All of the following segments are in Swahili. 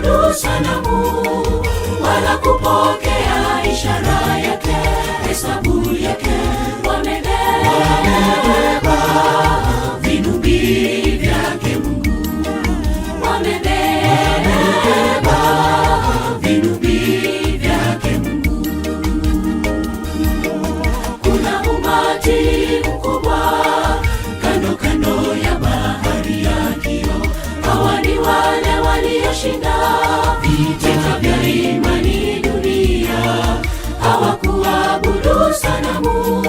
kumwabudu sanamu wala kupokea ishara yake, hesabu yake, wamebeba vinubi kushinda vita vya imani dunia. Hawakuabudu sanamu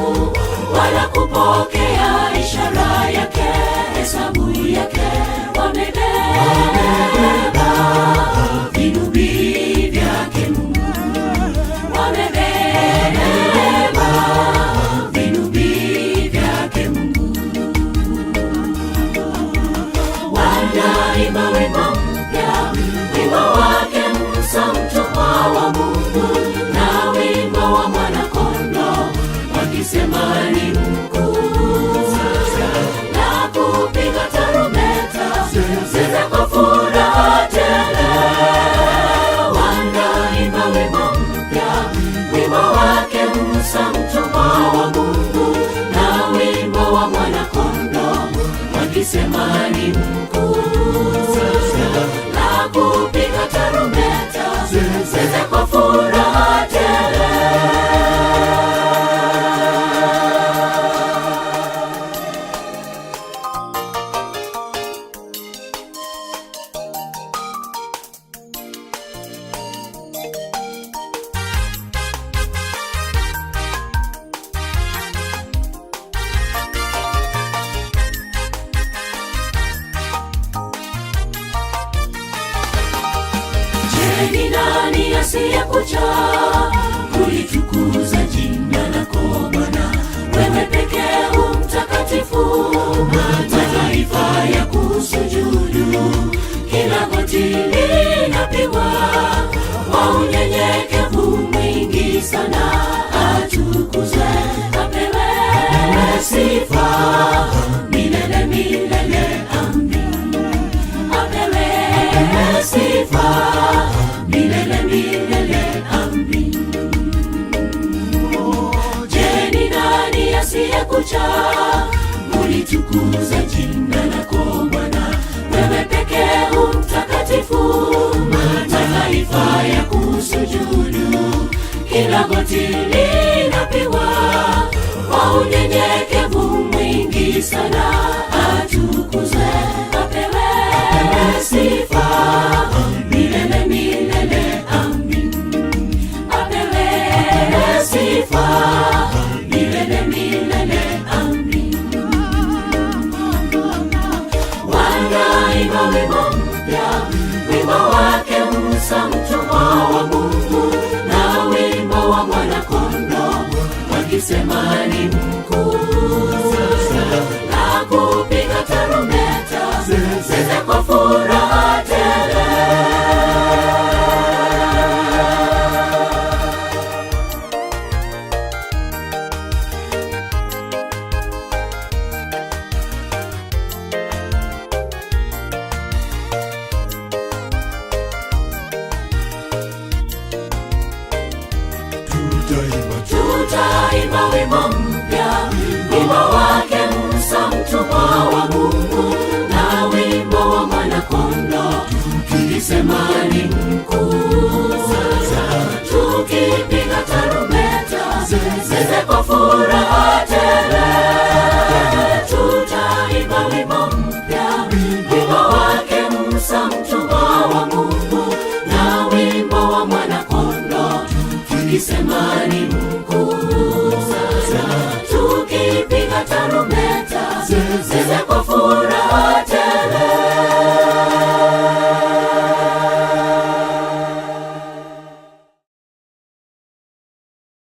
wala kupokea ni nani asiyekucha kulitukuza jina lako Bwana, wewe pekee u mtakatifu, mataifa ya kusujudu kila goti kucha, mulitukuze jina lako Bwana, wewe pekee u mtakatifu. Mataifa ya kusujudu, kila goti linapigwa, kwa unyenyekevu mwingi sana semani tutaimba tutaimba wimbo mpya, wimbo wake Musa mtumwa wa Mungu, na wimbo wa Mwanakondoo tukisema ni mkuu, tukipiga tarumbeta zeze tukisema ni Mungu sana, tukipiga tarumbeta zize kwa furaha